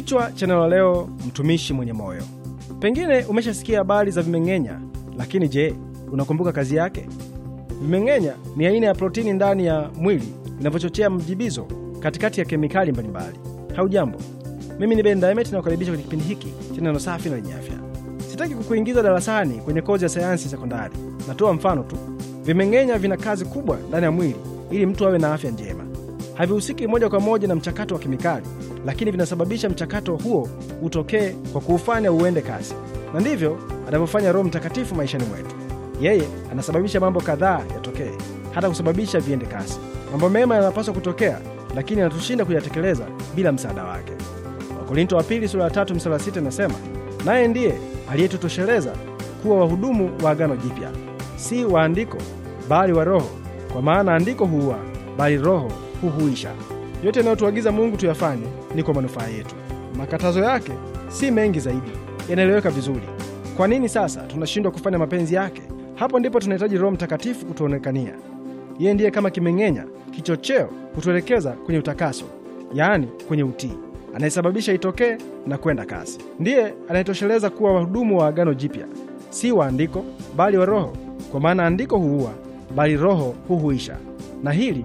Kichwa cha neno leo, mtumishi mwenye moyo. Pengine umeshasikia habari za vimeng'enya, lakini je, unakumbuka kazi yake? Vimeng'enya ni aina ya protini ndani ya mwili vinavyochochea mjibizo katikati ya kemikali mbalimbali. Haujambo, mimi ni Ben Dynamite na nakukaribisha kwenye kipindi hiki cha neno safi na lenye afya. Sitaki kukuingiza darasani kwenye kozi ya sayansi sekondari, natoa mfano tu. Vimeng'enya vina kazi kubwa ndani ya mwili ili mtu awe na afya njema. Havihusiki moja kwa moja na mchakato wa kemikali lakini vinasababisha mchakato huo utokee kwa kuufanya uende kasi, na ndivyo anavyofanya Roho Mtakatifu maishani mwetu. Yeye anasababisha mambo kadhaa yatokee, hata kusababisha viende kasi. Mambo mema yanapaswa kutokea, lakini anatushinda kuyatekeleza bila msaada wake. Wakorinto wa pili sura ya tatu mstari wa sita inasema, naye ndiye aliyetutosheleza kuwa wahudumu wa agano jipya, si waandiko bali wa Roho, kwa maana andiko huua, bali Roho huhuisha. Yote yanayotuagiza Mungu tuyafanye ni kwa manufaa yetu. Makatazo yake si mengi zaidi, yanaeleweka vizuri. Kwa nini sasa tunashindwa kufanya mapenzi yake? Hapo ndipo tunahitaji Roho Mtakatifu kutuonekania. Yeye ndiye kama kimeng'enya, kichocheo kutuelekeza kwenye utakaso, yaani kwenye utii, anayesababisha itokee na kwenda kasi. Ndiye anayetosheleza kuwa wahudumu wa Agano Jipya, si wa andiko bali wa Roho, kwa maana andiko huua, bali Roho huhuisha. Na hili